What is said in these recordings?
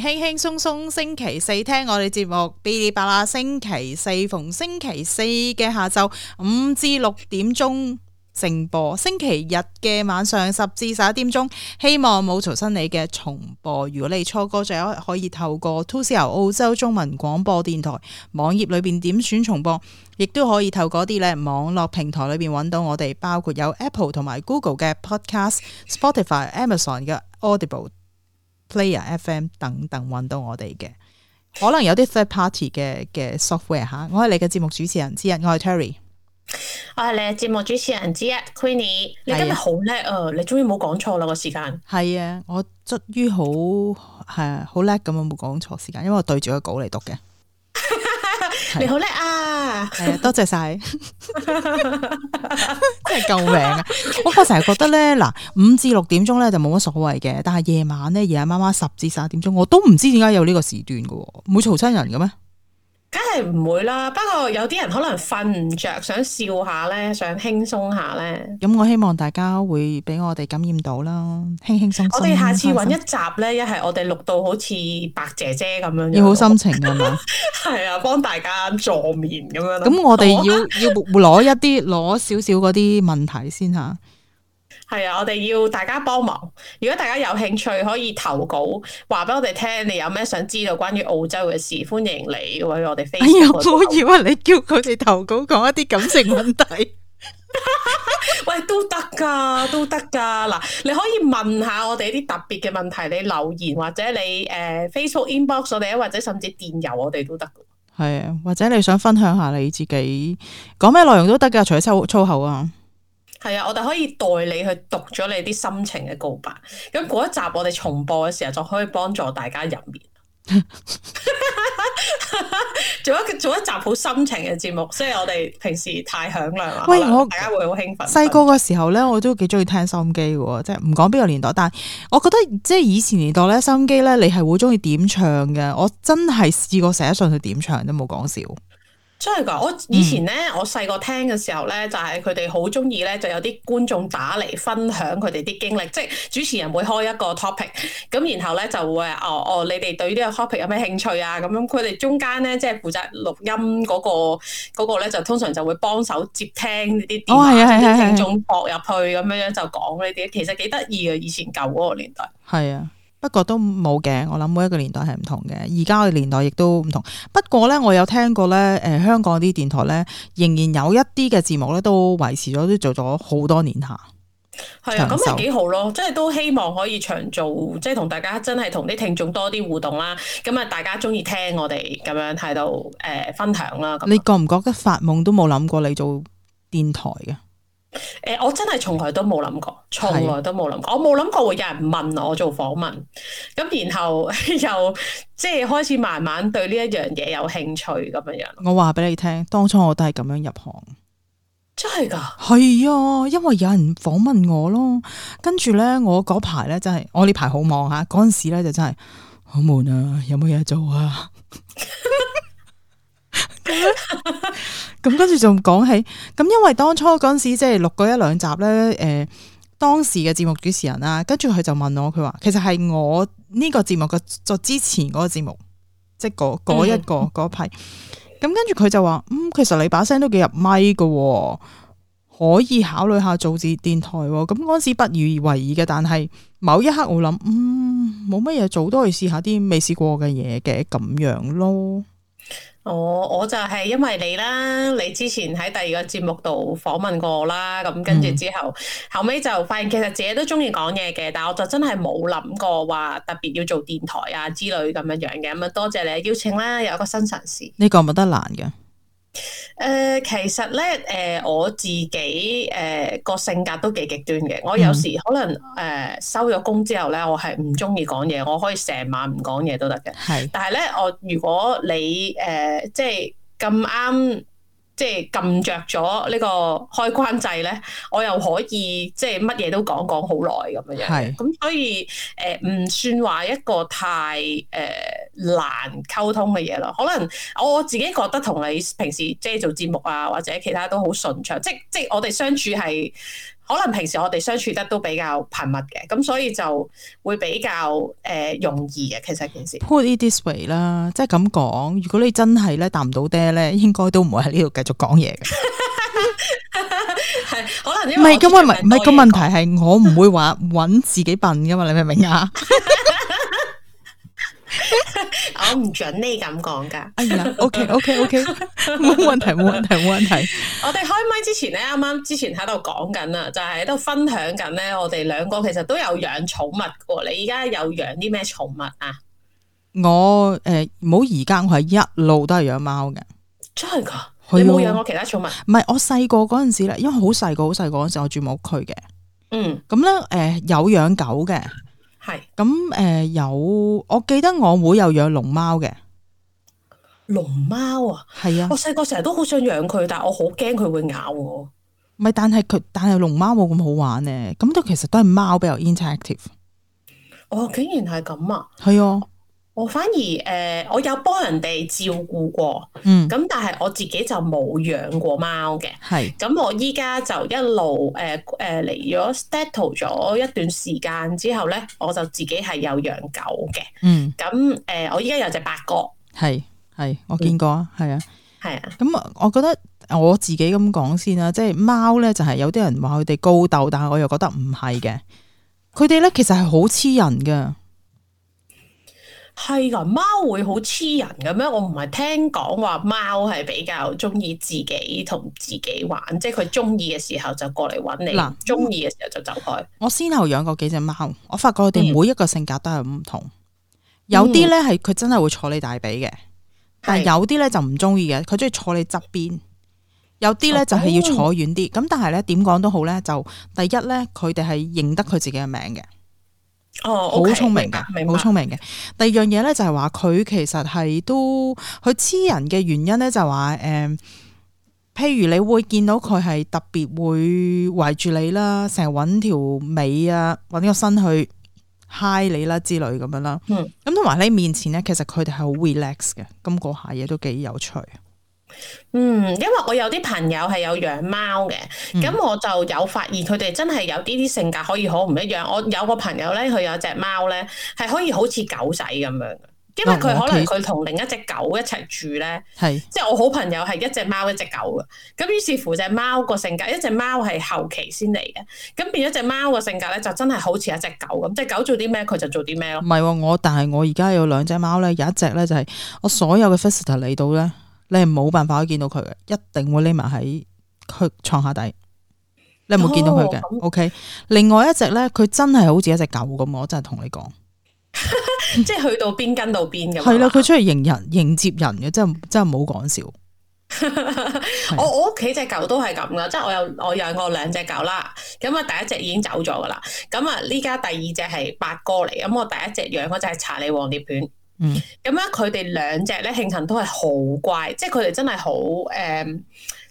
.輕輕鬆鬆星期四聽我哋節目，嗶哩吧啦。星期四逢星期四嘅下晝五至六點鐘直播，星期日嘅晚上十至十一點鐘。希望冇嘈親你嘅重播。如果你錯過咗，仲可以透過 t o c O 澳洲中文廣播電台網頁裏邊點選重播，亦都可以透過啲咧網絡平台裏邊揾到我哋，包括有 Apple 同埋 Google 嘅 Podcast、Spotify、Amazon 嘅 Audible。Player FM 等等揾到我哋嘅，可能有啲 third party 嘅嘅 software 吓、啊。我係你嘅節目主持人之一，我係 Terry，我係你嘅節目主持人之一。Queenie，你今日好叻啊！哎、呀你終於冇講錯啦，個時間。係啊，我終於好係好叻咁啊冇講錯時間，因為我對住個稿嚟讀嘅。 你好叻啊！係啊，多謝晒，真係救命啊！ 我我成日覺得咧，嗱，五至六點鐘咧就冇乜所謂嘅，但係夜晚咧，夜晚媽媽十至十一點鐘，我都唔知點解有呢個時段嘅，唔會嘈親人嘅咩？係唔會啦，不過有啲人可能瞓唔着，想笑下咧，想輕鬆下咧。咁我希望大家會俾我哋感染到啦，輕輕鬆鬆。我哋下次搵一集咧，一係我哋錄到好似白姐姐咁樣，要好心情係嘛，係 啊，幫大家助眠咁樣。咁我哋要 要攞一啲攞少少嗰啲問題先吓。係啊，我哋要大家幫忙。如果大家有興趣，可以投稿話俾我哋聽，你有咩想知道關於澳洲嘅事，歡迎你，或者我哋 Facebook。哎呀，我以為你叫佢哋投稿講一啲感情問題。 喂，都得噶，都得噶。嗱，你可以問下我哋啲特別嘅問題，你留言或者你誒 Facebook inbox 我哋，或者甚至電郵我哋都得。係啊，或者你想分享下你自己講咩內容都得噶，除咗收粗口啊。係啊，我哋可以代理去讀咗你啲心情嘅告白。咁嗰一集我哋重播嘅時候，就可以幫助大家入眠。做一做一集好心情嘅節目，所以我哋平時太響亮啦！喂，我大家會好興奮。細個嘅時候咧，我都幾中意聽收音機嘅，即係唔講邊個年代。但係我覺得即係以前年代咧，收音機咧，你係會中意點唱嘅。我真係試過寫信去點唱，都冇講笑。真係噶，我以前咧，我細個聽嘅時候咧，就係佢哋好中意咧，就有啲觀眾打嚟分享佢哋啲經歷，即係主持人會開一個 topic，咁然後咧就會哦哦，你哋對呢個 topic 有咩興趣啊？咁樣佢哋中間咧即係負責錄音嗰個嗰個咧，就通常就會幫手接聽啲電話，啲聽眾駁入去咁樣樣就講呢啲，其實幾得意嘅以前舊嗰個年代。係啊。不過都冇嘅，我諗每一個年代係唔同嘅，而家嘅年代亦都唔同。不過呢，我有聽過呢誒、呃、香港啲電台呢，仍然有一啲嘅節目呢都維持咗都做咗好多年下係啊，咁咪幾好咯，即係都希望可以長做，即係同大家真係同啲聽眾多啲互動啦。咁啊，大家中意聽我哋咁樣喺度誒分享啦。你覺唔覺得發夢都冇諗過你做電台嘅？誒、欸，我真係從來都冇諗過，從來都冇諗過，的我冇諗過會有人問我做訪問，咁然後又即係開始慢慢對呢一樣嘢有興趣咁樣樣。我話俾你聽，當初我都係咁樣入行，真係噶，係啊，因為有人訪問我咯。跟住咧，我嗰排咧真係，我呢排好忙吓，嗰陣時咧就真係好悶啊，有冇嘢做啊？ 咁 跟住就講起，咁因為當初嗰陣時即係錄過一兩集咧，誒，當時嘅節目主持人啊，跟住佢就問我，佢話其實係我呢個節目嘅就之前嗰個節目，即係嗰、那個、一個嗰批，咁 跟住佢就話，嗯，其實你把聲都幾入咪㗎，可以考慮下做次電台，咁嗰陣時不以為意嘅，但係某一刻我諗，嗯，冇乜嘢做都可以試下啲未試過嘅嘢嘅，咁樣咯。我、哦、我就係因為你啦，你之前喺第二個節目度訪問過我啦，咁跟住之後，嗯、後尾就發現其實自己都中意講嘢嘅，但係我就真係冇諗過話特別要做電台啊之類咁樣樣嘅，咁啊多謝你邀請啦。有一個新嘗試。呢個冇得難嘅。誒、呃，其實咧，誒、呃，我自己誒個、呃、性格都幾極端嘅。我有時可能誒、呃、收咗工之後咧，我係唔中意講嘢，我可以成晚唔講嘢都得嘅。係，但係咧，我如果你誒、呃、即係咁啱。即係撳着咗呢個開關掣咧，我又可以即係乜嘢都講講好耐咁樣，咁係所以誒唔、呃、算話一個太誒、呃、難溝通嘅嘢咯。可能我自己覺得同你平時即係做節目啊或者其他都好順暢，即係即係我哋相處係。可能平時我哋相處得都比較頻密嘅，咁所以就會比較誒、呃、容易嘅。其實件事，put it this way 啦，即係咁講。如果你真係咧答唔到爹咧，應該都唔會喺呢度繼續講嘢嘅。係。 可能唔係咁，唔係唔係個問題係我唔會話搵自己笨㗎嘛， 你明唔明啊？ 我唔准你咁講噶。哎呀，OK OK OK，冇問題冇問題冇問題。問題問題 我哋開麥之前咧，啱啱之前喺度講緊啦，就係喺度分享緊咧。我哋兩個其實都有養寵物嘅。你而家有養啲咩寵物啊、呃？我誒，冇而家，我係一路都係養貓嘅。真係噶？你冇養過其他寵物？唔係， 我細個嗰陣時咧，因為好細個好細個嗰陣時，時，我住冇屋區嘅。嗯。咁咧，誒、呃，有養狗嘅。係咁誒，有我記得我會有養龍貓嘅，龍貓啊，係啊，我細個成日都好想養佢，但係我好驚佢會咬我。唔係，但係佢，但係龍貓冇咁好玩咧，咁都其實都係貓比較 interactive。哦，竟然係咁啊！係啊。我反而誒、呃，我有幫人哋照顧過，嗯，咁但係我自己就冇養過貓嘅，係是。咁我依家就一路誒誒嚟咗 status 咗一段時間之後咧，我就自己係有養狗嘅，嗯。咁誒、呃，我依家有隻八哥，係係我見過、嗯、啊，係啊，係啊。咁啊，我覺得我自己咁講先啦，即係貓咧就係有啲人話佢哋高竇，但係我又覺得唔係嘅，佢哋咧其實係好黐人嘅。係噶貓會好黐人嘅咩？我唔係聽講話貓係比較中意自己同自己玩，即係佢中意嘅時候就過嚟搵你，嗱，唔中意嘅時候就走開。我先後養過幾隻貓，我發覺佢哋每一個性格都係唔同，嗯、有啲呢係佢真係會坐你大髀嘅，嗯、但係有啲呢就唔中意嘅，佢中意坐你側邊，有啲呢就係要坐遠啲。咁、嗯、但係呢點講都好呢，就第一呢，佢哋係認得佢自己嘅名嘅。哦，好聰明㗎，好聰明嘅。明白。第二樣嘢咧就係話佢其實係都佢黐人嘅原因咧就係話，誒、嗯，譬如你會見到佢係特別會圍住你啦，成日搵條尾啊，搵個身去嗨你啦之類咁樣啦。嗯，咁同埋你面前咧，其實佢哋係好 relax 嘅，咁嗰下嘢都幾有趣。嗯，因為我有啲朋友係有養貓嘅，咁、嗯、我就有發現佢哋真係有啲啲性格可以好唔一樣。我有個朋友咧，佢有隻貓咧，係可以好似狗仔咁樣，因為佢可能佢同另一隻狗一齊住咧，係、呃，即係我好朋友係一隻貓一隻狗噶，咁於是，是乎隻貓個性格，一隻貓係後期先嚟嘅，咁變咗隻貓個性格咧就真係好似一隻狗咁，即係狗做啲咩佢就做啲咩咯。唔係、嗯，但我但係我而家有兩隻貓咧，有一隻咧就係我所有嘅 foster 嚟到咧。你係冇辦法可以見到佢嘅，一定會匿埋喺佢床下底。你有冇見到佢嘅、oh？OK。另外一隻咧，佢真係好似一隻狗咁，我真係同你講， 即係去到邊跟到邊咁。係啦 ，佢出嚟迎人迎接人嘅，真真係冇講笑。 是我我屋企隻狗都係咁噶，即係我有我養過兩隻狗啦。咁啊，第一隻已經走咗噶啦。咁啊，呢家第二隻係八哥嚟。咁我第一隻養嗰隻係查理王獵犬。咁咧，佢哋、嗯、兩隻咧，慶幸都係好乖，即係佢哋真係好誒，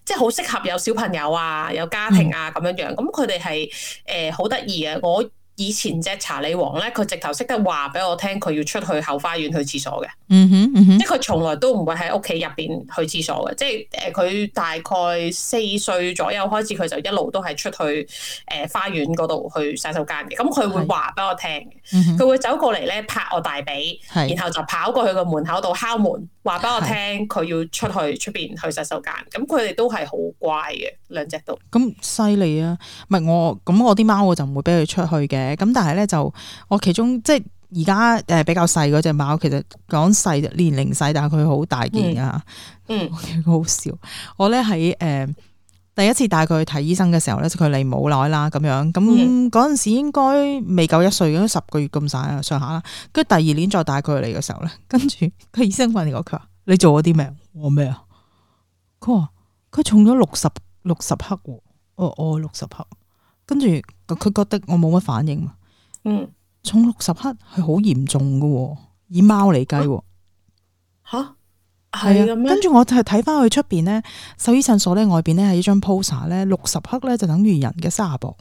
即係好適合有小朋友啊，有家庭啊咁樣樣。咁佢哋係誒好得意嘅，我。以前隻查理王咧，佢直頭識得話俾我聽，佢要出去後花園去廁所嘅、嗯。嗯哼，即係佢從來都唔會喺屋企入邊去廁所嘅。即係誒，佢大概四歲左右開始，佢就一路都係出去誒、呃、花園嗰度去洗手間嘅。咁佢會話俾我聽，佢是會走過嚟，咧拍我大髀，是然後就跑過去個門口度敲門，話俾我聽佢是要出去出邊去洗手間。咁佢哋都係好乖嘅，兩隻都。咁犀利啊！唔係我咁我啲貓，我就唔會俾佢出去嘅。咁但係咧就我其中即係而家誒比較細嗰隻貓，其實講細年齡細，但係佢好大件噶、啊嗯，嗯，好笑。我咧喺誒第一次帶佢去睇醫生嘅時候咧，佢嚟冇耐啦咁樣。咁嗰陣時應該未夠一歲，咁十個月咁上下上下啦。跟住第二年再帶佢嚟嘅時候咧，跟住個醫生問你，佢話你做咗啲咩？我咩啊？佢話佢重咗六十六十克喎。我我六十克。跟住佢覺得我冇乜反應，嗯，重六十克係好嚴重噶，以貓嚟計，吓係啊，跟、啊、住我就睇翻去出邊呢獸醫診所咧外邊呢，係一張 poster 咧，六十克咧就等於人嘅卅磅。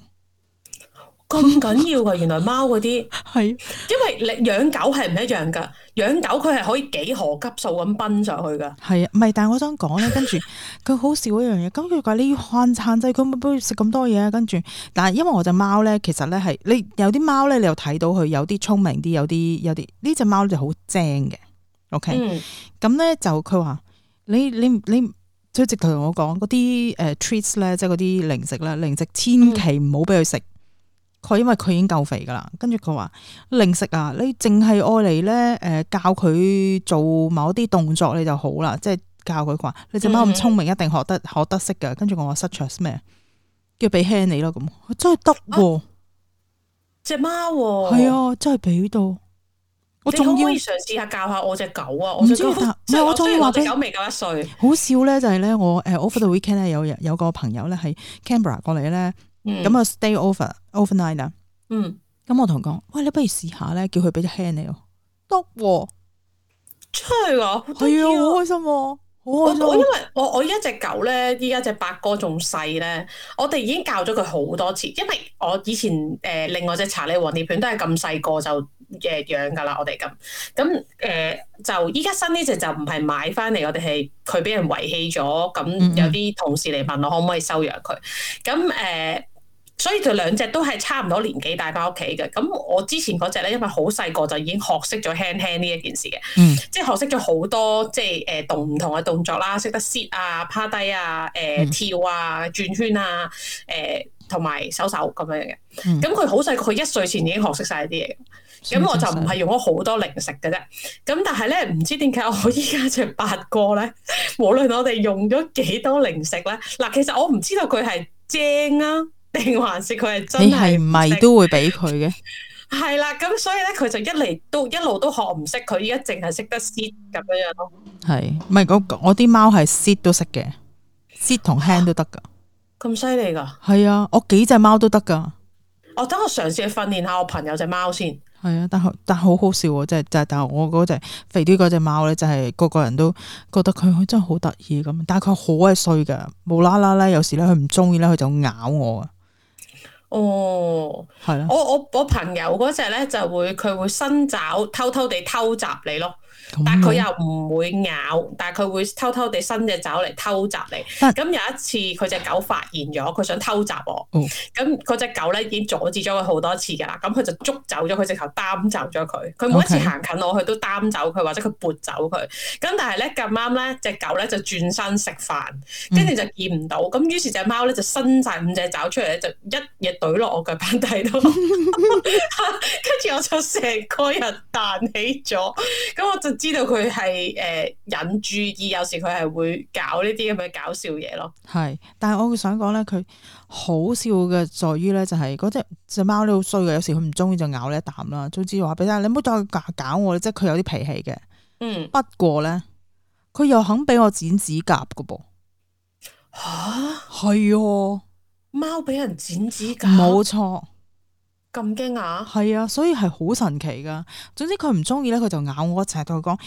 咁緊要噶，原來貓嗰啲係， 啊、因為你養狗係唔一樣噶，養狗佢係可以幾何級數咁奔上去噶。係啊，唔係， 但係我想講咧，跟住佢好笑一樣嘢，咁佢話你要限限制佢唔好食咁多嘢啊，跟住，但係因為我隻貓咧，其實咧係你有啲貓咧，你又睇到佢有啲聰明啲，有啲有啲呢隻貓就好精嘅。O K，咁咧就佢話你你你，即係直頭同我講嗰啲誒 treats 咧，即係嗰啲零食喇，零食千祈唔好俾佢食。嗯佢因為佢已經夠肥噶啦，跟住佢話零食啊，你淨係愛嚟咧誒教佢做某啲動作你就好啦，即係教佢佢話你隻貓咁聰明，一定學得學得識噶。跟住我話失著咩？叫俾 hand 你咯，咁真係得喎。隻、啊、貓係啊，啊，真係俾到。我仲可以嘗試下教下我隻狗啊！唔知得我中意話佢狗未夠一歲。好笑咧，就係咧我誒 over the weekend 有有個朋友咧喺 Canberra 過嚟咧。咁啊，stay over，overnight 啊。嗯。咁我同佢講，喂，你不如試下咧，叫佢俾隻 hand 你哦。得，真係啊，係啊，好、哎、開心、啊，好開心、啊。因為我我依家隻狗咧，依家隻八哥仲細咧，我哋已經教咗佢好多次，因為我以前誒、呃，另外隻查理王獵犬都係咁細個就誒養噶啦，我哋咁。咁誒、呃，就依家新呢隻就唔係買翻嚟，我哋係佢俾人遺棄咗，咁有啲同事嚟問我可唔可以收養佢，咁誒。呃所以佢兩隻都係差唔多年紀帶翻屋企嘅。咁我之前嗰隻咧，因為好細個就已經學識咗 hand hand 呢一件事嘅、嗯，即係學識咗好多即係誒動唔同嘅動作啦，識得 sit 啊、趴低啊、誒、呃嗯、跳啊、轉圈啊、誒同埋手手咁樣嘅。咁佢好細個，佢一歲前已經學識晒啲嘢。咁我就唔係用咗好多零食嘅啫。咁但係咧，唔知點解我依家隻八哥咧，無論我哋用咗幾多零食咧，嗱，其實我唔知道佢係精啊。定還是佢係真係你唔係都會俾佢嘅？係啦， 咁所以咧，佢就一嚟都一路都學唔識，佢一直淨係識得 sit 咁樣樣咯。係，唔係我啲貓係 sit 都識嘅，sit 同 hand 都得噶，咁犀利噶？係啊，我幾隻貓都得噶。我等我嘗試去訓練下我朋友隻貓先。係啊，但但係好好笑喎！即係就係，但係我嗰隻肥啲嗰隻貓咧，就係個個人都覺得佢真係好得意咁，但係佢好鬼衰噶，無啦啦咧，有時咧佢唔中意咧，佢就咬我啊。哦，係咯，我我我朋友嗰隻咧就會佢會伸爪偷偷地偷襲你咯，但係佢又唔會咬，但係佢會偷偷地伸隻爪嚟偷襲你。咁有一次佢隻狗發現咗佢想偷襲我，咁嗰隻狗咧已經阻止咗佢好多次㗎啦，咁佢就捉走咗佢隻頭擔走咗佢。佢每一次行近我，佢都擔走佢或者佢撥走佢。咁但係咧咁啱咧隻狗咧就轉身食飯，跟住就見唔到。咁於是隻貓咧就伸晒五隻爪出嚟，就一日，懟落我腳板底度，跟住 我就成個人彈起咗。咁我就知道佢係誒引注意，有時佢係會搞呢啲咁嘅搞笑嘢咯。係，但係我會想講咧，佢好笑嘅在於咧，就係嗰隻隻貓都好衰嘅，有時佢唔中意就咬你一啖啦。總之我話俾你，你唔好再搞我，即係佢有啲脾氣嘅。嗯，不過咧，佢又肯俾我剪指甲嘅噃。吓蛤，係、啊。貓俾人剪指甲，冇錯錯，咁驚訝？係啊，所以係好神奇噶。總之佢唔中意咧，佢就咬我一齊，同佢講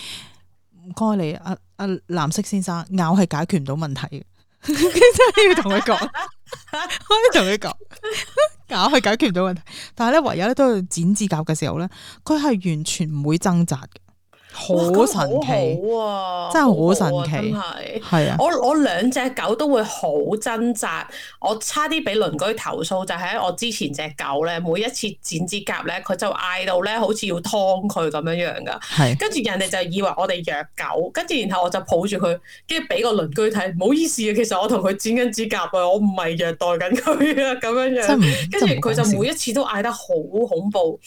唔該你啊啊藍色先生，咬係解決唔到問題嘅， 真係要同佢講， 我要同佢講，咬係解決唔到問題。但係咧，唯有咧都要剪指甲嘅時候咧，佢係完全唔會掙扎。好神奇，啊、真係好神奇，係係啊！啊我我兩隻狗都會好掙扎，我差啲俾鄰居投訴，就係、喺、我之前隻狗咧，每一次剪指甲咧，佢就嗌到咧，好似要劏佢咁樣樣噶。係，跟住人哋就以為我哋虐狗，跟住然後我就抱住佢，跟住俾個鄰居睇，唔好意思啊，其實我同佢剪緊指甲啊，我唔係虐待緊佢啊，咁樣樣。真唔真唔真。跟住佢就每一次都嗌得好恐怖。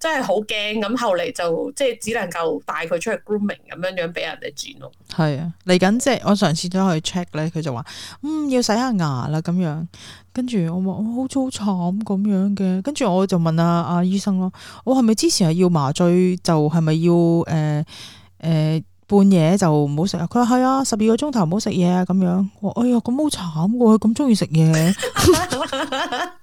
真係好驚，咁後嚟就即係只能夠帶佢出去 grooming 咁樣樣俾人哋剪咯。係啊，嚟緊即係我上次都去 check 咧，佢就話：嗯，要洗下牙啦咁樣。跟住我話、哦：好似好慘咁樣嘅。跟住我就問阿、啊、阿醫生咯：我係咪之前係要麻醉？就係、是、咪要誒誒、呃呃、半夜就唔好食啊？佢話係啊，十二個鐘頭唔好食嘢啊咁樣。我：哎呀，咁好慘喎！咁中意食嘢。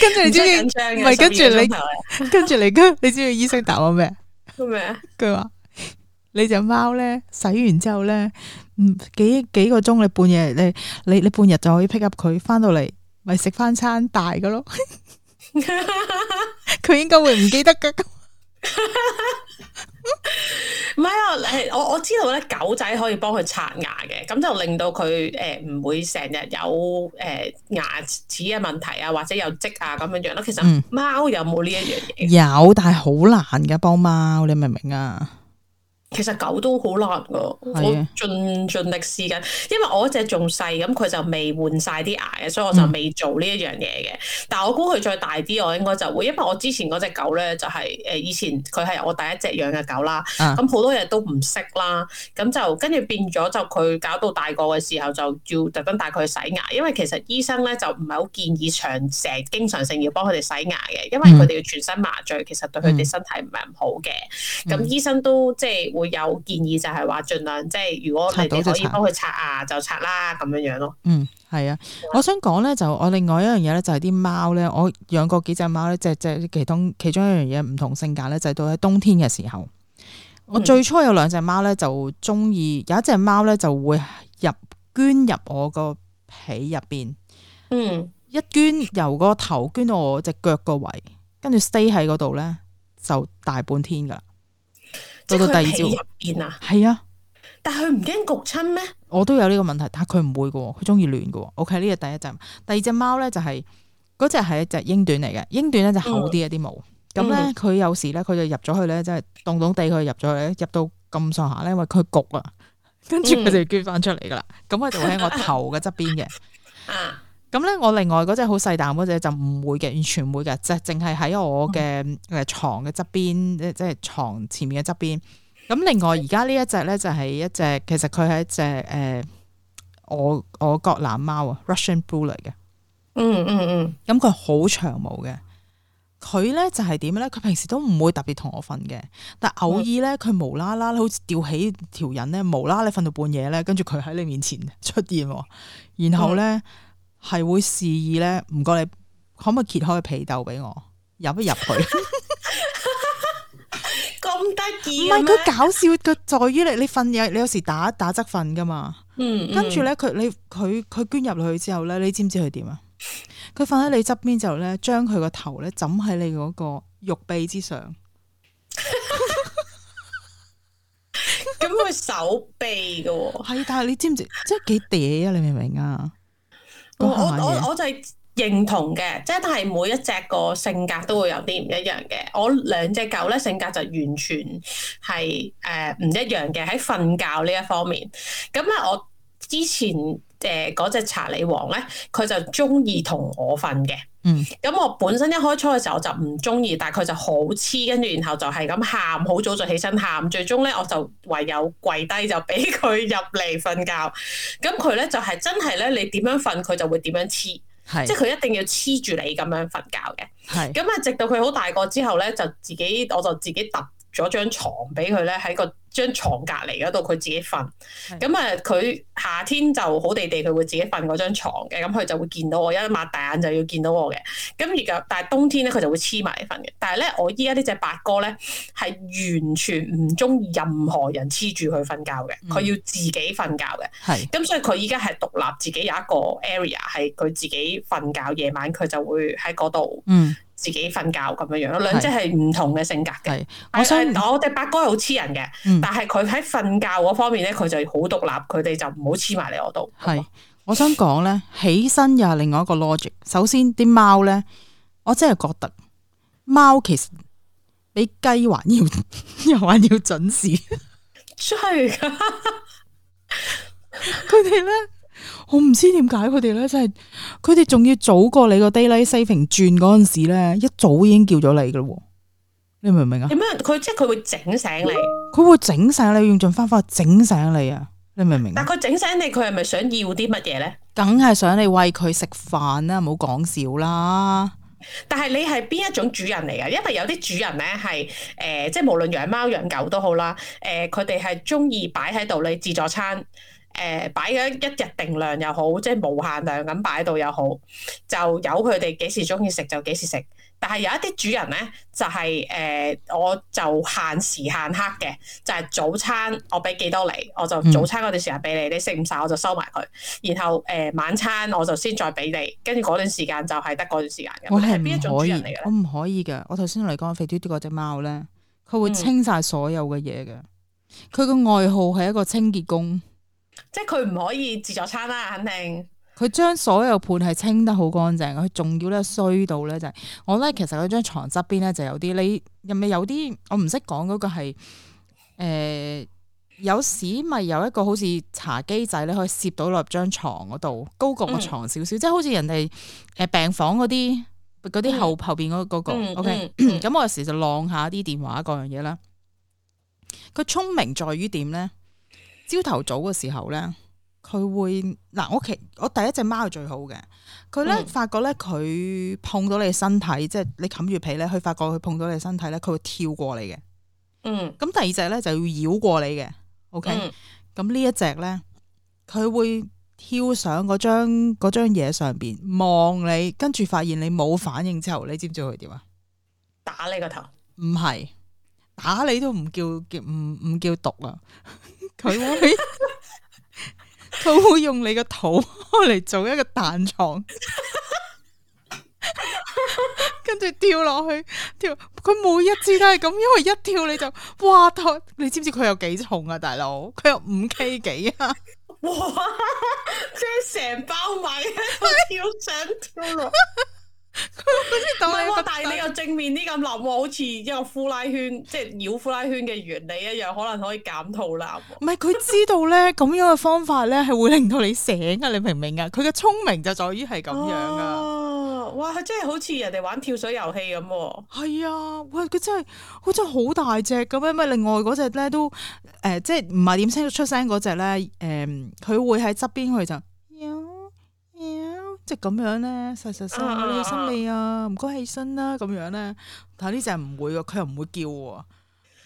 跟住你知唔知？唔係跟住你，跟住你，跟你知唔知？醫生答我咩？佢咩 ？佢話，你隻貓咧洗完之後咧，嗯，幾幾個鐘你半夜，你你你半日就可以 pick up 佢翻到嚟，咪食翻餐大嘅咯。佢應該會唔記得噶。 唔係啊，誒， 我我知道咧，狗仔可以幫佢刷牙嘅，咁就令到佢誒唔會成日有誒、呃、牙齒嘅問題啊，或者有跡啊咁樣樣咯。其實貓有冇呢一樣嘢、嗯？有，但係好難噶，幫貓你明唔明啊？其實狗都好難㗎，的我盡盡力試緊，因為我隻仲細，咁佢就未換晒啲牙嘅，所以我就未做呢、嗯、一樣嘢嘅。但係我估佢再大啲，我應該就會，因為我之前嗰隻狗咧就係、是、誒、呃、以前佢係我第一隻養嘅狗啦，咁好、啊、多嘢都唔識啦，咁就跟住變咗就佢搞到大個嘅時候就要特登帶佢去洗牙，因為其實醫生咧就唔係好建議長成經常性要幫佢哋洗牙嘅，因為佢哋要全身麻醉，其實對佢哋身體唔係咁好嘅。咁醫生都即係會。嗯嗯嗯有建議就係話，儘量即係，如果我哋可以幫佢刷牙刷，就刷啦咁樣樣咯。嗯，係啊， 我想講咧，就我另外一樣嘢咧，就係、係、啲貓咧，我養過幾隻貓咧，隻隻其中其中一樣嘢唔同性格咧，就係、到喺冬天嘅時候，嗯、我最初有兩隻貓咧，就中意有一隻貓咧，就會入捐入我個被入邊，嗯，一捐，由個頭捐到我隻腳個位，跟住 stay 喺嗰度咧，就大半天噶。到到第二招，係啊，啊但係佢唔驚焗親咩？我都有呢個問題，但係佢唔會嘅，佢中意亂嘅。OK，呢隻第一隻，第二隻貓咧就係嗰隻係一隻英短嚟嘅，英短咧就厚啲一啲毛。咁咧佢有時咧佢就入咗去咧，即係洞洞地佢入咗去咧，入到咁上下咧，因為佢焗啊，跟住佢就捐翻出嚟噶啦。咁佢就會喺我的頭嘅側邊嘅。嗯 咁咧，我另外嗰隻好細膽嗰隻就唔會嘅，完全唔會嘅，就淨係喺我嘅誒床嘅側邊，即即係床前面嘅側邊。咁另外而家呢一隻咧就係一隻，其實佢係一隻誒俄俄國藍貓啊，Russian Blue 嚟嘅、嗯。嗯嗯嗯，咁佢好長毛嘅。佢咧就係點咧？佢平時都唔會特別同我瞓嘅，但偶爾咧，佢、uh. 無啦啦好似吊起條人咧，無啦啦瞓到半夜咧，跟住佢喺你面前出現，然後咧。Uh. 係會示意咧，唔該你可唔可以揭開個被竇俾我入一入去，咁得意咩？唔係，佢搞笑嘅在於你，你瞓有你有時打打側瞓噶嘛，跟住咧佢你佢佢捐入去之後咧，你知唔知佢點啊？佢瞓喺你側邊就咧，將佢個頭咧枕喺你嗰個玉臂之上，咁佢 手臂嘅係、哦，但係你知唔知？即係幾嗲啊！你明唔明啊？我我我就係認同嘅，即係但係每一隻個性格都會有啲唔一樣嘅。我兩隻狗咧性格就完全係誒唔一樣嘅，喺瞓覺呢一方面。咁啊，我之前誒嗰隻查理王咧，佢就鍾意同我瞓嘅。嗯，咁我本身一開初嘅時候我就唔中意，但係佢就好黐，跟住然後就係咁喊，好早就起身喊，最終咧我就唯有跪低就俾佢入嚟瞓覺。咁佢咧就係、係、真係咧，你點樣瞓佢就會點樣黐，係即係佢一定要黐住你咁樣瞓覺嘅。係係，咁啊直到佢好大個之後咧，就自己我就自己揼咗張床俾佢咧，喺個張床隔籬嗰度，佢自己瞓。咁啊的，佢、嗯、夏天就好地地，佢會自己瞓嗰張床嘅。咁佢就會見到我，一擘大眼就要見到我嘅。咁而家，但係冬天咧，佢就會黐埋嚟瞓嘅。但係咧，我依家呢隻八哥咧，係完全唔中意任何人黐住佢瞓覺嘅，佢要自己瞓覺嘅。係、嗯。咁所以佢依家係獨立，自己有一個 area 係佢自己瞓覺。夜晚佢就會喺嗰度。嗯。自己瞓覺咁樣樣咯，兩隻係唔同嘅性格嘅。我想我哋八哥係好黐人嘅，嗯、但係佢喺瞓覺嗰方面咧，佢就好獨立，佢哋就唔是好黐埋嚟我度。係，我想講咧，起身又係另外一個 logic。首先，啲貓咧，我真係覺得貓其實比雞還要，又還要準時。真噶，佢哋咧。我唔知點解佢哋咧，真係佢哋仲要早過你個 daily saving 轉嗰陣時咧，一早已經叫咗你噶咯，你明唔明啊？點樣？佢即係佢會整醒你，佢會整醒你用盡方法整醒你啊！你明唔明？但佢整醒你，佢係咪想要啲乜嘢咧？梗係想你餵佢食飯啦，唔好講笑啦。但係你係邊一種主人嚟噶？因為有啲主人咧係誒，即係無論養貓養狗都好啦，誒、呃，佢哋係中意擺喺度你自助餐。誒，擺咗、呃、一日定量又好，即係無限量咁擺到又好，就由佢哋幾時中意食就幾時食。但係有一啲主人咧，就係、是、誒、呃，我就限時限刻嘅，就係、是、早餐我俾幾多嚟，我就早餐嗰段時間俾你，嗯、你食唔晒我就收埋佢。然後誒、呃、晚餐我就先再俾你，跟住嗰段時間就係得嗰段時間。我哋係邊一種主人嚟嘅？我唔可以㗎。我頭先嚟講肥嘟嘟嗰隻貓咧，佢會清晒所有嘅嘢嘅，佢個愛好係一個清潔工。即係佢唔可以自助餐啦，肯定佢將所有盤係清得好乾淨。佢仲要咧衰到咧就係，我咧其實佢張床側邊咧就有啲，你又咪有啲我唔識講嗰個係誒、呃，有時咪有一個好似茶幾仔，你可以攝到落張床嗰度，高過個床少少，嗯、即係好似人哋誒病房嗰啲嗰啲後、嗯、後邊嗰嗰個。OK，咁我有時就晾下啲電話各樣嘢啦。佢聰明在於點咧？朝頭早嘅時候咧，佢會嗱我，其我第一隻貓係最好嘅，佢咧發覺咧佢碰到你身體，嗯、即係你冚住被咧，佢發覺佢碰到你身體咧，佢會跳過你嘅，嗯，咁第二隻咧就要繞過你嘅，OK，咁、嗯、呢一隻咧，佢會跳上嗰張張嘢上邊望你，跟住發現你冇反應之後，你知唔知佢點啊？打你個頭？唔係，打你都唔叫叫唔唔叫毒啊！ 佢會，佢 會用你個肚嚟做一個彈床， 跟住跳落去跳。佢每一次都係咁，因為一跳你就哇台，你知唔知佢有幾重啊，大佬？佢有五 K 幾啊！哇，即係成包米喺度跳上跳落。 唔係，但係你又正面啲咁立，好似一個呼拉圈，即係繞呼拉圈嘅原理一樣，可能可以減肚腩。唔係，佢知道咧，咁 樣嘅方法咧係會令到你醒噶、啊，你明唔明啊？佢嘅聰明就在於係咁樣啊，啊！哇，佢真係好似人哋玩跳水遊戲咁。係啊，哇！佢真係，佢真係好大隻咁樣。咪另外嗰隻咧都誒，即係唔係點聲出聲嗰隻咧？誒、呃，佢會喺側邊去就。即係咁樣咧，實實心心起身你啊，唔該起身啦咁樣咧。但係呢隻唔會喎，佢又唔會叫喎。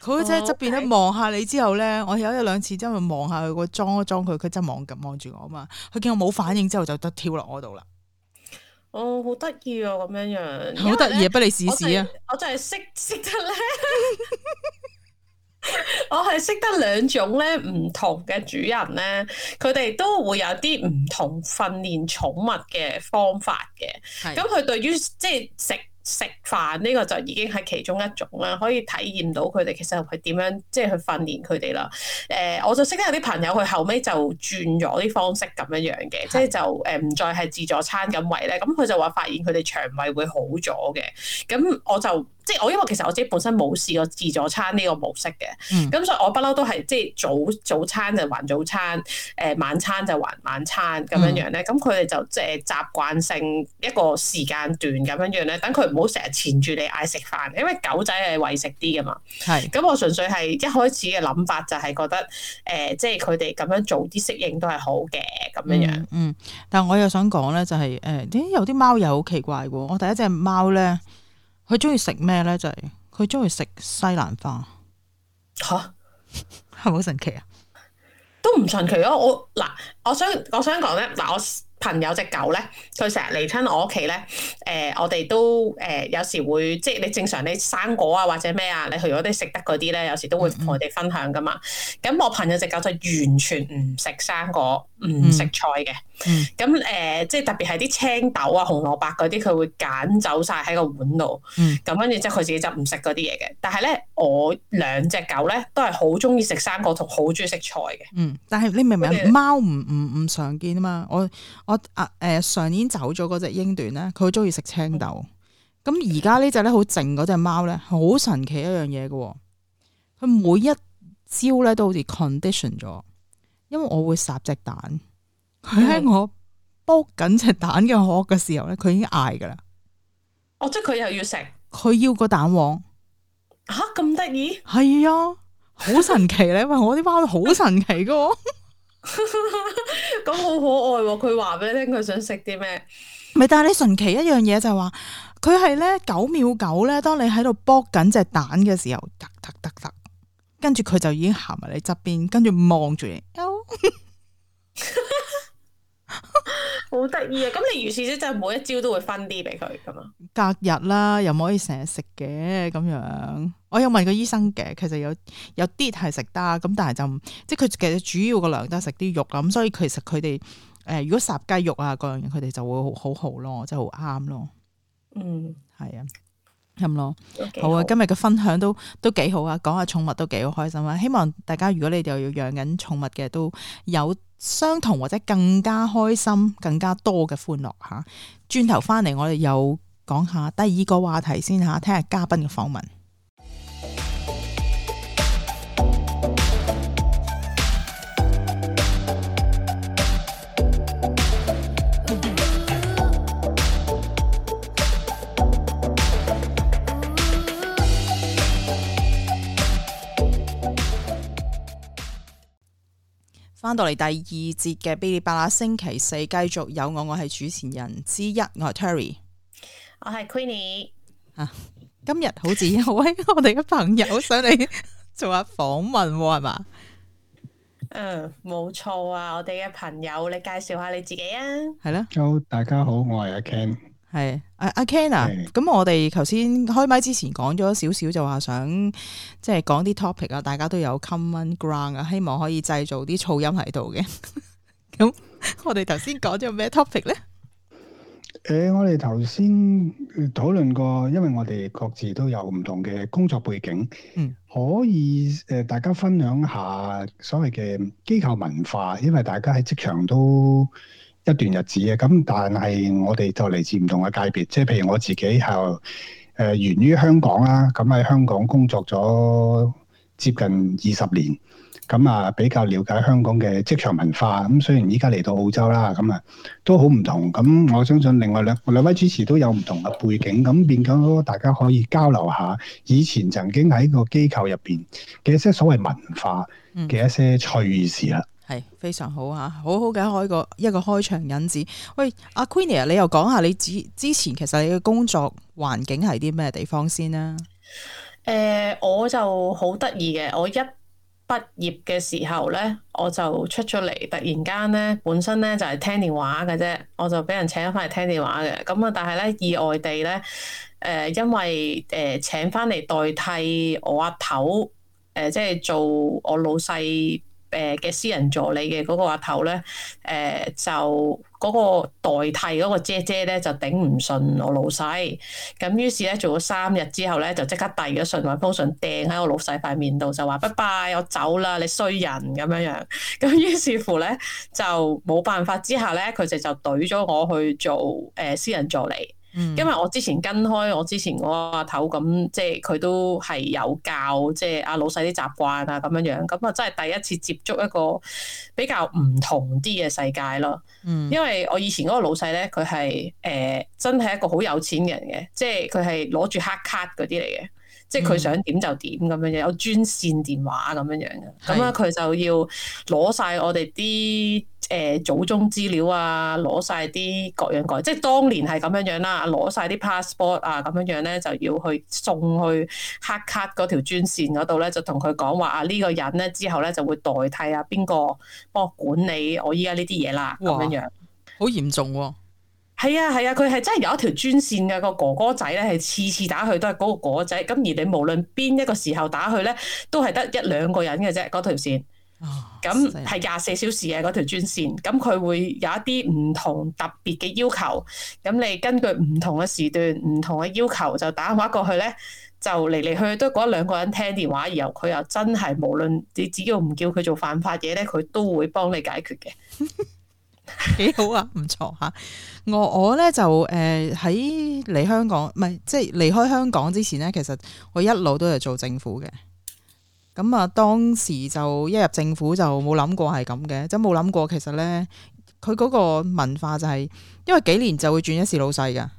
佢就喺側邊咧望下你之後咧，哦 okay、我有一兩次真係望下佢，我裝一裝佢，佢真係望緊望住我啊嘛。佢見我冇反應之後，就得跳落我度啦。哦，好得意啊！咁樣樣，好得意啊！不如你試試啊！我就係識識得咧。 我係識得兩種咧，唔同嘅主人咧，佢哋都會有啲唔同訓練寵物嘅方法嘅。咁佢的對於即係食食飯呢個就已經係其中一種啦，可以體現到佢哋其實係點樣即係去訓練佢哋啦。誒、呃，我就識得有啲朋友佢後尾就轉咗啲方式咁樣樣嘅，即係就誒唔的、呃、再係自助餐咁喂咧。咁佢就話發現佢哋腸胃會好咗嘅。咁我就。即係我，因為其實我自己本身冇試過自助餐呢個模式嘅，咁、嗯、所以我不嬲都係即係早早餐就還早餐，誒晚餐就還晚餐咁樣樣咧。咁佢哋就即係習慣性一個時間段咁樣樣咧，等佢唔好成日纏住你嗌食飯，因為狗仔係喂食啲㗎嘛。係咁是，我純粹係一開始嘅諗法就係覺得，誒、呃，即係佢哋咁樣做啲適應都係好嘅咁樣樣、嗯。嗯，但係我又想講咧、就是，就係誒，啲有啲貓又好奇怪嘅，我第一隻貓咧。佢中意食咩咧？就係佢中意食西蘭花，吓？係咪好神奇啊？都唔神奇啊！我嗱，我想我想講咧嗱，我。朋友隻狗咧，佢成日嚟親我屋企咧。誒、呃，我哋都誒有時會，即係你正常你生果啊或者咩啊，你去嗰啲食得嗰啲咧，有時都會同我哋分享噶嘛。咁我朋友隻狗就完全唔食生果，唔食菜嘅。咁誒、嗯嗯呃，即係特別係啲青豆啊、紅蘿蔔嗰啲，佢會揀走晒喺個碗度。咁跟住之後，佢自己就唔食嗰啲嘢嘅。但係咧，我兩隻狗咧都係好中意食生果同好中意食菜嘅。嗯，但係你明唔明貓唔唔唔常見啊嘛，我。我我啊，誒、呃、上年走咗嗰隻英短咧，佢好中意食青豆。咁而家呢隻咧好靜嗰隻貓咧，好神奇一樣嘢嘅。佢每一朝咧都好似 condition 咗，因為我會殺隻蛋，佢喺我撲緊隻蛋嘅殼嘅時候咧，佢已經嗌噶啦。哦，即係佢又要食，佢要個蛋黃。吓，咁得意？係啊，好、啊、神奇咧， 喂，我啲貓好神奇嘅。 咁好可愛喎！佢話俾你聽佢想食啲咩？咪但係你神奇一樣嘢就係話，佢係咧九秒九咧。當你喺度剝緊隻蛋嘅時候，得得得得，跟住佢就已經行埋你側邊，跟住望住你，好得意啊！咁你如是者，每一朝都會分啲俾佢噶嘛？隔日啦，又唔可以成日食嘅咁樣。我有問過醫生嘅，其實有有啲係食得咁，但係就即係佢其實主要個糧都係食啲肉啦。咁所以其實佢哋誒，如果烚雞肉啊嗰樣嘢，佢哋就會好好好咯，真係好啱咯。嗯，係啊，咁咯，好啊。今日嘅分享都都幾好啊，講下寵物都幾好開心啊。希望大家如果你哋又要養緊寵物嘅都有相同或者更加開心、更加多嘅歡樂嚇。轉頭翻嚟，我哋又講下第二個話題先嚇，聽下嘉賓嘅訪問。翻到嚟第二節嘅嗶哩吧啦，星期四繼續有我，我係主持人之一，我係 Terry，我係 Queenie。啊，今日好似有位我哋嘅朋友想你 做下訪問，係嘛？嗯，冇錯啊，我哋嘅朋友，你介紹下你自己啊？係啦，Hello，大家好，我係阿 Ken。係阿阿 Ken 啊，咁是的 我哋頭先開麥之前講咗少少，就話想即係講啲 topic 啊，大家都有 common ground 啊，希望可以製造啲噪音喺度嘅。咁 我哋頭先講咗咩 topic 咧？誒、呃，我哋頭先討論過，因為我哋各自都有唔同嘅工作背景，嗯、可以誒，大家分享下所謂嘅機構文化，因為大家喺職場都。一段日子嘅，咁但係我哋就嚟自唔同嘅界別，即係譬如我自己係誒、呃、源於香港啦，咁、嗯、喺香港工作咗接近二十年，咁、嗯、啊比較了解香港嘅職場文化。咁、嗯、雖然依家嚟到澳洲啦，咁、嗯、啊都好唔同。咁、嗯、我相信另外兩兩位主持都有唔同嘅背景，咁變咁大家可以交流下以前曾經喺個機構入邊嘅一些所謂文化嘅一些趣事啦。嗯係非常好嚇，好好嘅開個一個開場引子。喂，阿 Queenie，你又講下你之之前其實你嘅工作環境係啲咩地方先啦？誒、呃，我就好得意嘅，我一畢業嘅時候呢，我就出咗嚟，突然間呢，本身呢就係、是、聽電話嘅啫，我就俾人請翻嚟聽電話嘅。咁啊，但係呢，意外地呢，誒、呃，因為誒、呃、請翻嚟代替我阿頭，誒、呃，即係做我老細。誒嘅私人助理嘅嗰個阿頭咧，誒、呃、就嗰個代替嗰個姐姐咧就頂唔順我老細，咁於是咧做咗三日之後咧就即刻遞咗信搵封信掟喺我老細塊面度就話拜拜，我走啦，你衰人咁樣樣，咁於是乎咧就冇辦法之下咧佢哋就隊咗我去做誒、呃、私人助理。因為我之前跟開我之前嗰個阿頭咁，即係佢都係有教，即係阿老細啲習慣啊咁樣樣，咁啊真係第一次接觸一個比較唔同啲嘅世界咯。嗯。因為我以前嗰個老細咧，佢係誒真係一個好有錢人嘅，即係佢係攞住黑卡嗰啲嚟嘅。嗯、即係佢想點就點咁樣樣，有專線電話咁樣是樣嘅，咁咧佢就要攞晒我哋啲誒祖宗資料啊，攞晒啲各樣各樣，即係當年係咁樣、啊、樣啦，攞晒啲 passport 啊咁樣樣咧就要去送去黑卡嗰條專線嗰度咧，就同佢講話啊呢個人咧之後咧就會代替啊邊個幫我管理我依家呢啲嘢啦咁樣樣，好嚴重喎、啊。係啊，係啊，佢係、啊、真係有一條專線嘅，嗰個哥哥仔咧，係次次打去都係嗰個哥哥仔。咁而你無論邊一個時候打去咧，都係得一兩個人嘅啫。嗰條線，咁係廿四小時嘅嗰條專線。咁佢會有一啲唔同特別嘅要求。咁你根據唔同嘅時段、唔同嘅要求就打電話過去咧，就嚟嚟去去都嗰兩個人聽電話，然後佢又真係無論你只要唔叫佢做犯法嘢咧，佢都會幫你解決嘅。 幾好啊，唔 錯吓。我我咧就誒喺嚟香港，唔係即係離開香港之前咧，其實我一路都係做政府嘅。咁啊，當時就一入政府就冇諗過係咁嘅，即冇諗過其實咧，佢嗰個文化就係、是，因為幾年就會轉一次老細噶。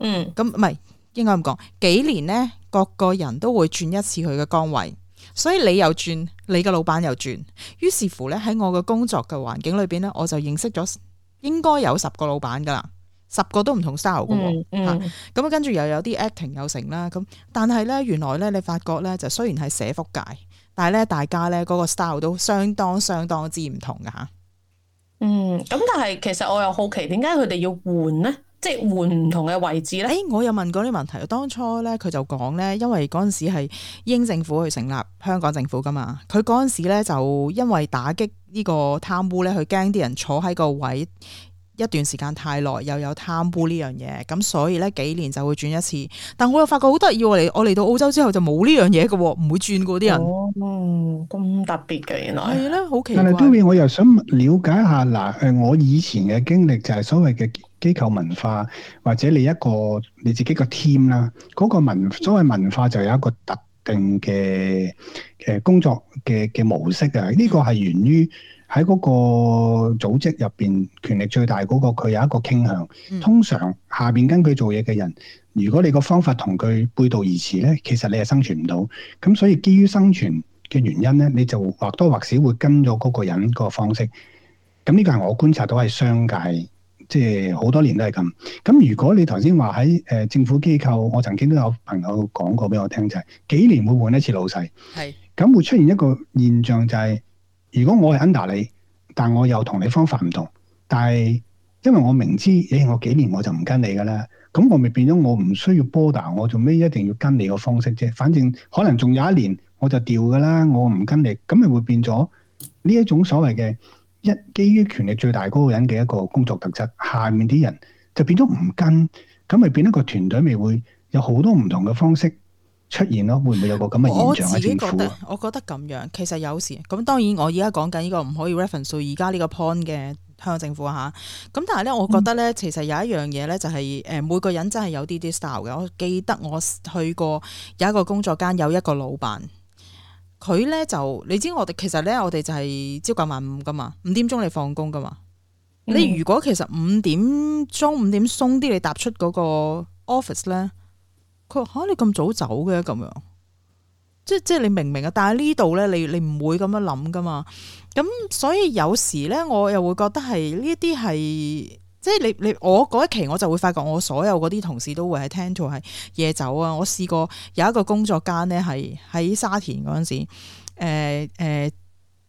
嗯，咁唔係應該咁講，幾年咧各個人都會轉一次佢嘅崗位。所以你又轉，你嘅老闆又轉，於是乎咧喺我嘅工作嘅環境裏邊咧，我就認識咗應該有十個老闆噶啦，十個都唔同 style 嘅喎。咁跟住又有啲 acting 又成啦，咁但係咧原來咧你發覺咧就雖然係社福界，但係咧大家咧嗰個 style 都相當相當之唔同嘅嚇。啊、嗯，咁但係其實我又好奇點解佢哋要換咧？即係換唔同嘅位置咧。誒、欸,我又問過啲問題，當初咧佢就講咧，因為嗰陣時係英政府去成立香港政府噶嘛，佢嗰陣時咧就因為打擊呢個貪污咧，佢驚啲人坐喺個位一段時間太耐，又有貪污呢樣嘢，咁所以咧幾年就會轉一次。但我又發覺好得意，我嚟我嚟到澳洲之後就冇呢樣嘢嘅，唔會轉過啲人。咁、哦嗯、特別嘅原來係咧好奇怪。但係我又想了解下嗱，誒、呃，我以前嘅經歷就係所謂嘅。機構文化或者你一個你自己個 team 啦，嗰個文所謂文化就有一個特定嘅誒工作嘅嘅模式啊，呢個係源於喺嗰個組織入邊權力最大嗰個，佢有一個傾向，通常下邊跟佢做嘢嘅人，如果你個方法同佢背道而馳咧，其實你係生存唔到，咁所以基於生存嘅原因咧，你就或多或少會跟咗嗰個人個方式。咁呢個係我觀察到係商界。即係好多年都係咁。咁如果你頭先話喺誒政府機構，我曾經都有朋友講過俾我聽，就係、是、幾年會換一次老細。係咁是會出現一個現象，就是，就係如果我係 under 你，但我又同你方法唔同，但係因為我明知誒、哎、我幾年我就唔跟你㗎啦，咁我咪變咗我唔需要 follow，我做咩一定要跟你個方式啫？反正可能仲有一年我就掉㗎啦，我唔跟你，咁咪會變咗呢一種所謂嘅。一基於權力最大嗰個人嘅一個工作特質，下面啲人就變咗唔跟，咁咪變一個團隊咪會有好多唔同嘅方式出現咯？會唔會有個咁嘅現象啊？我自己覺得，我覺得咁樣，其實有時咁當然，我而家講緊呢個唔可以 reference 而家呢個 point 嘅香港政府嚇。咁但係咧，我覺得咧，嗯、其實有一樣嘢咧，就係誒每個人真係有啲啲 style 嘅。我記得我去過有一個工作間，有一個老闆。佢咧，就你知我哋，其實咧我哋就係朝九晚五噶嘛，五點鐘你放工噶嘛。嗯、你如果其實五點鐘五點鬆啲，你踏出嗰個 office 咧，佢話嚇你咁早走嘅咁樣，即係即係你明唔明啊？但係呢度咧，你你唔會咁樣諗噶嘛。咁所以有時咧，我又會覺得係呢啲係。即係你你我嗰一期我就會發覺，我所有嗰啲同事都會係聽住係夜走啊！我試過有一個工作間呢，係喺沙田嗰陣時，即、呃、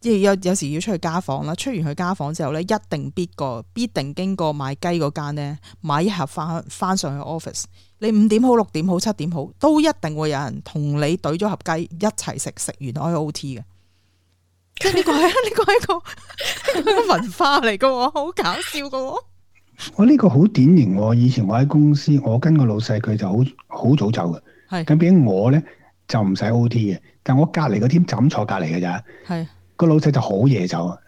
誒，有、呃、有時要出去家訪啦。出完去家訪之後呢，一定必過，必定經過買雞嗰間呢，買一盒返返上去 office。你五點好，六點好，七點好，都一定會有人同你隊咗盒雞一齊食，食完 IOT 嘅。即呢 個係呢個係一個文化嚟嘅喎，好搞笑嘅喎。我呢、哦呢個好典型喎、哦！以前我喺公司，我跟個老細佢就好好早走嘅。係咁是，變咗我咧就唔使 O T 嘅。但我隔離嗰啲枕坐隔離嘅咋。係個是老細就好夜走啊！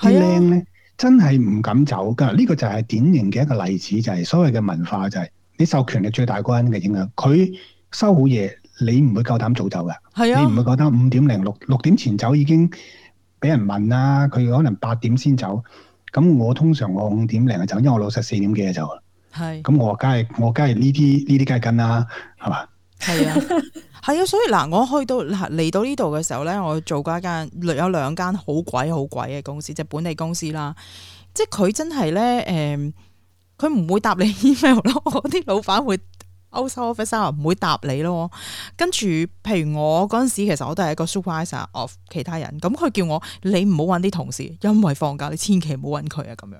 啲靚咧真係唔敢走㗎。呢、呢個就係典型嘅一個例子，就係、係、所謂嘅文化就係、係、你受權力最大嗰人嘅影響。佢收好夜，你唔會夠膽早走㗎。係啊，你唔會覺得五點零六六點前走已經俾人問啦。佢可能八點先走。咁我通常我五點零就走，因為我老實四點幾就走。係是。咁我梗係我梗係呢啲呢啲梗係跟啦，係嘛？係啊，係 啊，所以嗱，我去到嗱嚟到呢度嘅時候咧，我做過一間有兩間好鬼好鬼嘅公司，即係本地公司啦。即係佢真係咧，誒、呃，佢唔會答你 email 咯， 我啲老闆會。歐洲 officer 唔會答你咯，跟住譬如我嗰陣時，其實我都係一個 supervisor of 其他人，咁佢叫我，你唔好揾啲同事，因為放假你千祈唔好揾佢啊咁樣。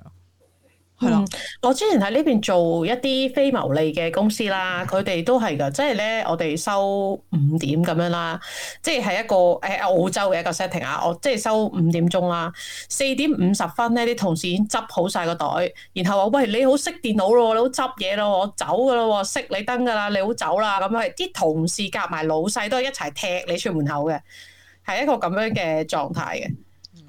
係啦，我之前喺呢邊做一啲非牟利嘅公司啦，佢哋都係噶，即係咧我哋收五點咁樣啦，即係係一個誒、欸、澳洲嘅一個 setting 啊，我即係收五點鐘啦，四點五十分咧，啲同事已經執好晒個袋，然後話喂，你好熄電腦咯，你好執嘢咯，我走噶啦，熄你燈噶啦，你好走啦，咁啊啲同事夾埋老細都係一齊踢你出門口嘅，係一個咁樣嘅狀態嘅。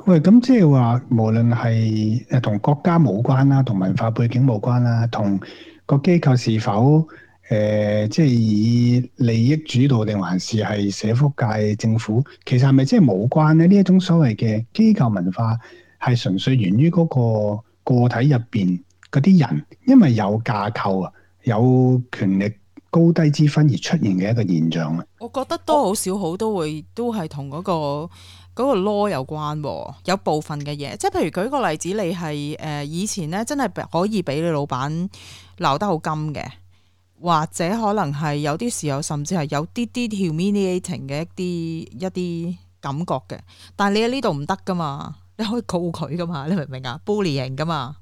喂，咁即係話，無論係誒同國家冇關啦，同文化背景冇關啦，同個機構是否誒、呃、即係以利益主導定還是係社福界政府，其實係咪即係冇關呢？呢一種所謂嘅機構文化，係純粹源於嗰個個體入邊嗰啲人，因為有架構啊，有權力高低之分而出現嘅一個現象咧。我覺得多好少好都會都係同嗰個。嗰個 law 有關喎，有部分嘅嘢，即係譬如舉個例子，你係誒、呃、以前咧，真係可以俾你老闆鬧得好甘嘅，或者可能係有啲時候，甚至係有啲啲 humiliating 嘅一啲一啲感覺嘅，但係你喺呢度唔得噶嘛，你可以告佢噶嘛，你明唔明啊？bullying 噶嘛？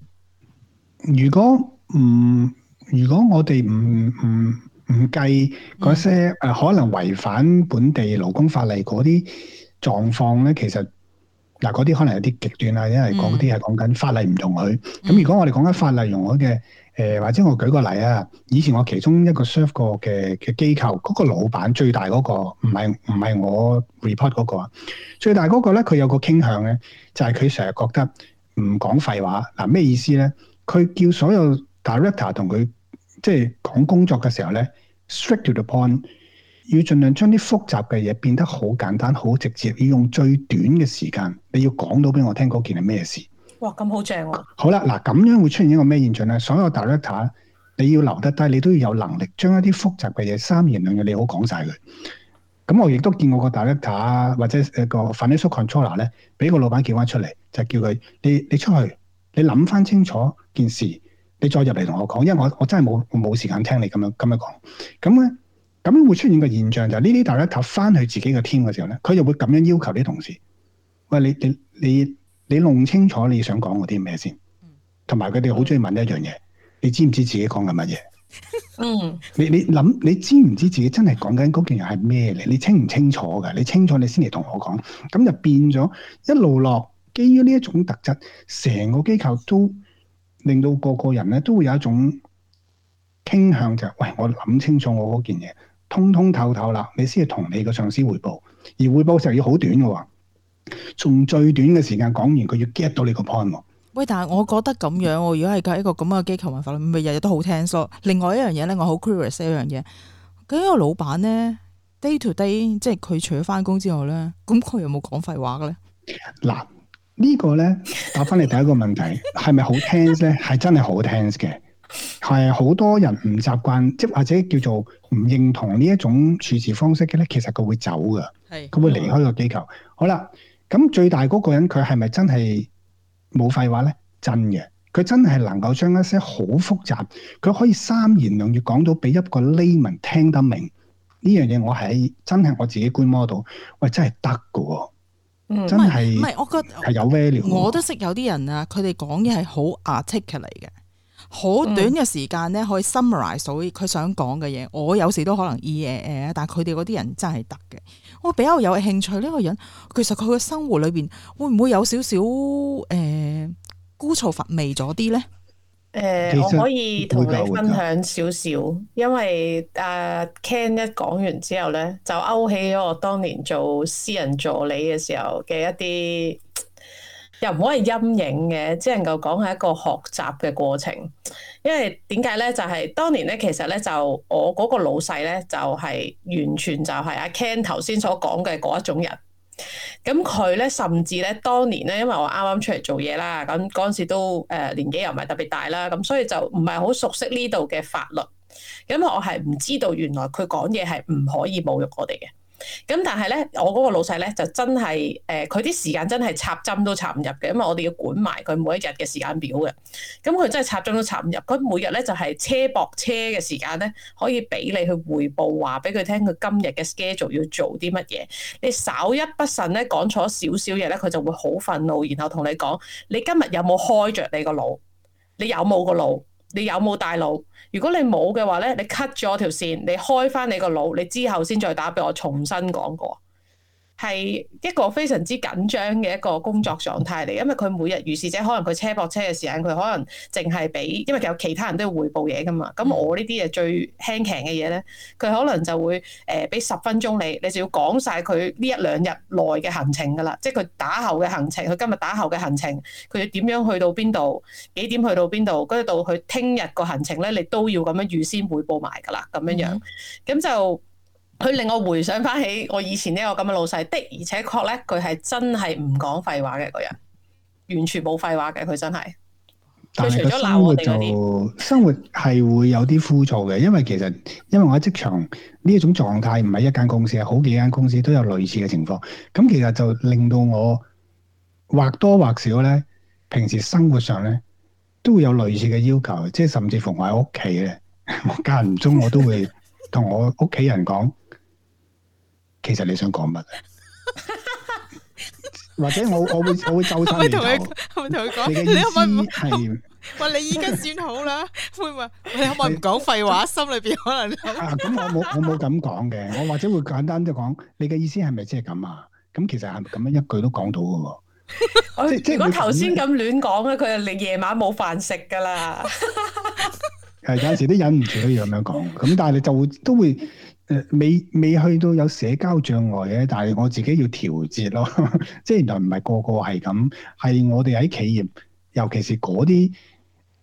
如果唔如果我哋唔唔唔計嗰些誒、嗯呃，可能違反本地勞工法例嗰啲。狀況咧，其實嗱嗰啲可能有啲極端啊，因為講啲係講緊法例唔同佢。咁、嗯、如果我哋講緊法例容許嘅，誒、呃、或者我舉個例啊，以前我其中一個 serve 過嘅嘅機構，嗰、那個老闆最大嗰個唔係唔係我 report 嗰個啊，最大嗰、那個咧佢、那個、有個傾向咧，就係佢成日覺得唔講廢話。嗱、呃、咩意思咧？佢叫所有 director 同佢即係講工作嘅時候咧，strict to the point。要盡量將啲複雜嘅嘢變得好簡單、好直接，要用最短嘅時間，你要講到俾我聽嗰件係咩事？哇！咁、啊、好正喎！好啦，嗱，咁樣會出現一個咩現象咧？所有 director 你要留得低，你都要有能力將一啲複雜嘅嘢三言兩語，你好講晒佢。咁我亦都見過個 director 或者個 financial controller 咧，俾個老闆叫翻出嚟，就係、叫佢你你出去，你諗翻清楚件事，你再入嚟同我講，因為我我真係冇冇時間聽你咁樣咁樣講，咁咧。咁樣會出現個現象，就係，就係呢啲大家投翻去自己嘅 team 嘅時候咧，佢就會咁樣要求啲同事，喂，你你你你弄清楚你想講嗰啲咩先，同埋佢哋好中意問一樣嘢，你知唔知自己講緊乜嘢？嗯 你你諗，你知唔知自己真係講緊嗰件嘢係咩嚟？你清唔清楚㗎？你清楚你先嚟同我講。咁就變咗一路落，基於呢一種特質，成個機構都令到個個人咧都會有一種傾向，就係，喂，我諗清楚我嗰件嘢。通通透透啦，你先要同你個上司匯報，而匯報時要好短嘅話。從最短嘅時間講完，佢要 get 到你個 point。喂，但係我覺得咁樣，如果係喺一個咁嘅機構文化咧，咪日日都好 tense 嗦。另外一樣嘢咧，我好 curious 一樣嘢，咁個老闆咧，day to day，即係佢除咗翻工之外咧，咁佢有冇講廢話嘅咧？嗱，這個、呢個咧，打翻嚟第一個問題係咪好 tense 咧？係 真係好 tense 嘅。係好多人唔習慣，即或者叫做唔認同呢一種處事方式嘅咧，其實佢會走噶，佢是會離開個機構。的好啦，咁最大嗰個人佢係咪真係冇廢話咧？真嘅，佢真係能夠將一些好複雜，佢可以三言兩語講到俾一個 layman 聽得明呢樣嘢。我係真係我自己觀摩到，喂，真係得噶，真係唔係我覺得係有 value 我。我都識有啲人啊，佢哋講嘢係好 articulate 嚟嘅。好短嘅時間咧，可以 summarize 所以佢想講嘅嘢。嗯、我有時都可能誒誒，但係佢哋嗰啲人真係得嘅。我比較有興趣呢、呢個人，其實佢嘅生活裏邊會唔會有少少誒枯燥乏味咗啲呢？誒、呃，我可以同你分享少少，會教會教因為啊 Ken 一講完之後呢，就勾起咗我當年做私人助理嘅時候嘅一啲。又唔可以陰影嘅，只能夠講係一個學習嘅過程。因為點解咧？就係當年咧，其實咧就我嗰個老細咧，就係完全就係阿 Ken 頭先所講嘅嗰一種人。咁佢咧甚至咧，當年咧，因為我啱啱出嚟做嘢啦，咁嗰陣時都誒年紀又唔係特別大啦，咁所以就唔係好熟悉呢度嘅法律。咁我係唔知道原來佢講嘢係唔可以侮辱我哋嘅。咁但係咧，我嗰個老細咧就真係，誒、呃，佢啲時間真係插針都插唔入嘅，因為我哋要管埋佢每一日嘅時間表嘅。咁佢真係插針都插唔入，佢每日咧就係、是、車駁車嘅時間咧，可以俾你去匯報，話俾佢聽佢今日嘅 schedule 要做啲乜嘢。你稍一不慎咧，講錯少少嘢咧，佢就會好憤怒，然後同你講，你今日有冇開着你個腦，你有冇個腦？你有冇大腦？如果你冇嘅話咧，你 cut 咗條線，你開翻你個腦，你之後先再打俾我，重新講過。係一個非常之緊張嘅一個工作狀態嚟，因為佢每日如是者，可能佢車駁車嘅時間，佢可能淨係俾，因為有其他人都要匯報嘢噶嘛。咁我呢啲誒最輕鬆嘅嘢咧，佢可能就會誒俾十分鐘你，你就要講晒佢呢一兩日內嘅行程噶啦，即係佢打後嘅行程，佢今日打後嘅行程，佢要點樣去到邊度，幾點去到邊度，跟住到佢聽日個行程咧，你都要咁樣預先匯報埋噶啦，咁樣樣，咁就。佢令我回想翻起我以前呢個咁嘅老細，的而且確咧，佢係真係唔講廢話嘅個人，完全冇廢話嘅，佢真係。但係佢除咗鬧我哋，生活就生活係會有啲枯燥嘅，因為其實因為我喺職場呢一種狀態，唔係一間公司，係好幾間公司都有類似嘅情況。咁其實就令到我或多或少咧，平時生活上咧都會有類似嘅要求，即係甚至乎我喺屋企咧，間唔中我都會同我屋企人講。 其實你想講乜啊？或者我我會我會皺晒眉同佢，我同佢講，你可唔可以唔係？話你依家算好啦，會唔會？你可唔可以唔講廢話？心裏邊可能啊，咁我冇我冇咁講嘅，我或者會簡單就講，你嘅意思係咪即係咁啊？咁其實係咪咁樣一句都講到噶？即係如果頭先咁亂講咧，佢就你夜晚冇飯食噶啦。係有陣時都忍唔住要咁樣講，咁但係你就會都會。誒未未去到有社交障礙嘅，但係我自己要調節咯。 即係原來唔係個個係咁，係我哋喺企業，尤其是嗰啲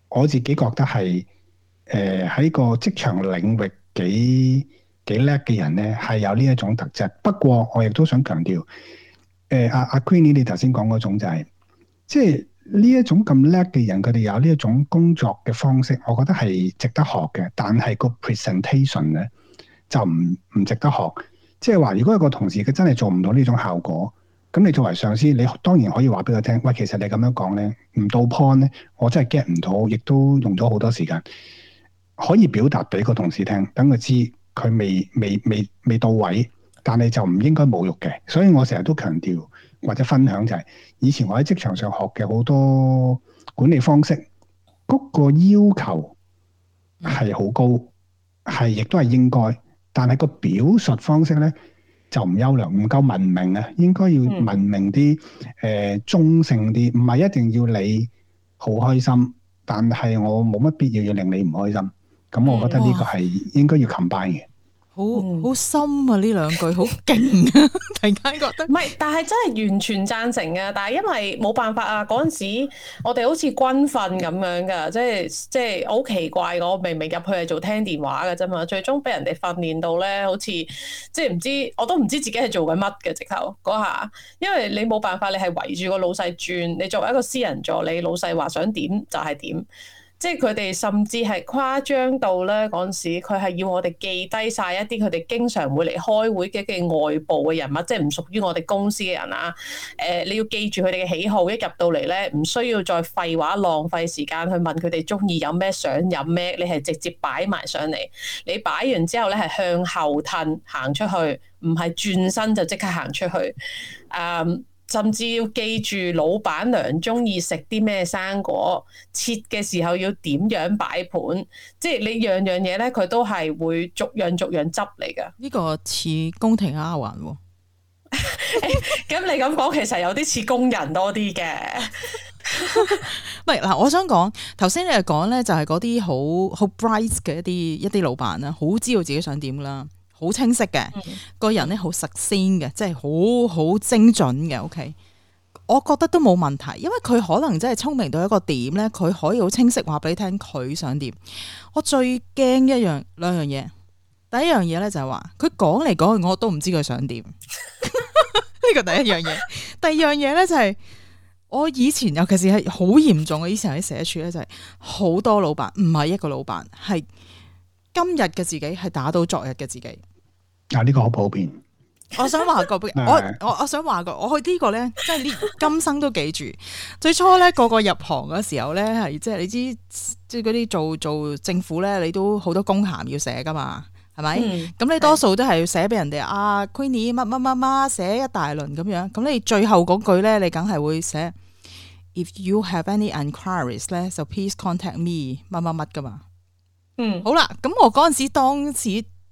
我自己覺得係誒喺個職場領域幾幾叻嘅人咧，係有呢一種特質。不過我亦都想強調，誒、呃、阿阿、啊啊、Queenie 你頭先講嗰種就係、是，即係呢一種咁叻嘅人，佢哋有呢一種工作嘅方式，我覺得係值得學嘅。但係個 presentation 咧，就唔唔值得學，即係話，如果一個同事佢真係做唔到呢種效果，咁你作為上司，你當然可以話俾佢聽。喂，其實你咁樣講咧，唔到 point 咧，我真係 get 唔到，亦都用咗好多時間，可以表達俾個同事聽，等佢知佢未未未未到位，但係就唔應該侮辱嘅。所以我成日都強調或者分享就係，以前我喺職場上學嘅好多管理方式，嗰個要求係好高，係亦都係應該。但係個表述方式咧就唔優良，唔夠文明啊！應該要文明啲，誒、嗯呃、中性啲，唔係一定要你好開心，但係我冇乜必要要令你唔開心。咁我覺得呢個係應該要 combine 嘅。嗯哦好好深啊！呢兩句好勁啊！ 突然間覺得唔係， 但係真係完全贊成啊！但係因為冇辦法啊，嗰陣時我哋好似軍訓咁樣噶，即係即係好奇怪，我明明入去係做聽電話噶啫嘛，最終俾人哋訓練到咧，好似即係唔知，我都唔知自己係做緊乜嘅，直頭嗰下，因為你冇辦法，你係圍住個老細轉，你作為一個私人助理，老細話想點就係點。即係佢哋甚至係誇張到咧嗰陣時，佢係要我哋記低晒一啲佢哋經常會嚟開會嘅嘅外部嘅人物，即係唔屬於我哋公司嘅人啊。誒、呃，你要記住佢哋嘅喜好，一入到嚟咧，唔需要再廢話浪費時間去問佢哋中意飲咩想飲咩，你係直接擺埋上嚟。你擺完之後咧，係向後褪行出去，唔係轉身就即刻行出去。嗯、um。甚至要記住老闆娘中意食啲咩生果，切嘅時候要點樣擺盤，即係你樣樣嘢咧，佢都係會逐樣逐樣執嚟噶。呢個似宮廷丫鬟喎，咁、 欸、你咁講其實有啲似工人多啲嘅。喂，嗱，我想講頭先你係講咧，就係嗰啲好好 bright 嘅一啲一啲老闆啦，好知道自己想點啦。好清晰嘅，mm hmm. 個人咧好實先嘅，即係好好精準嘅。O、okay? K，我覺得都冇問題，因為佢可能真係聰明到一個點咧，佢可以好清晰話俾你聽佢想點。我最驚一兩樣兩樣嘢，第一樣嘢咧就係話佢講嚟講去，我都唔知佢想點。呢個 第一樣嘢， 第二樣嘢咧就係、是、我以前尤其是係好嚴重嘅，以前喺社署咧就係、是、好多老闆唔係一個老闆，係今日嘅自己係打到昨日嘅自己。嗱呢、啊呢個好普遍。我想話個， 我我我想話個，我去呢個咧，即係連今生都記住。 最初咧，個個入行嗰時候咧，係即係你知，即係嗰啲做做政府咧，你都好多公函要寫噶嘛，係咪？咁、嗯、你多數都係寫俾人哋的啊，Queenie 乜乜乜乜，寫一大輪咁樣。咁你最後嗰句咧，你梗係會寫 If you have any enquiries 咧就 please contact me 乜乜乜噶嘛。嗯。好啦，咁我嗰陣時當時。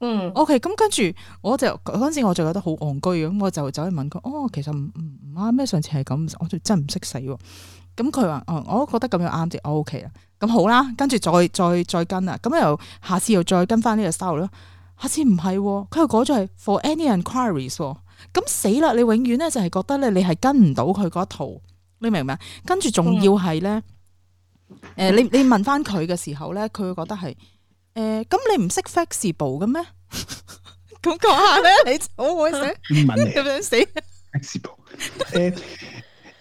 嗯，OK，咁跟住我就嗰陣時我就覺得好戇居咁，我就走去問佢，哦，其實唔唔啱咩？上次係咁，我就真唔識死喎。咁佢話，哦、嗯，我都覺得咁樣啱我、嗯、OK 啦。咁、嗯、好啦，跟住再再再跟啦。咁又下次又再跟翻呢個 style 咯。下次唔係、哦，佢又改咗係 for any enquiries 喎、哦。咁死啦！你永遠咧就係覺得咧，你係跟唔到佢嗰套，你明唔明？跟住仲要係咧，誒、嗯呃，你你問翻佢嘅時候咧，佢會覺得係。誒，咁、欸、你唔識 flexible 嘅咩？咁講 下咧， 你可會唔問你咁樣死。 flexible，誒、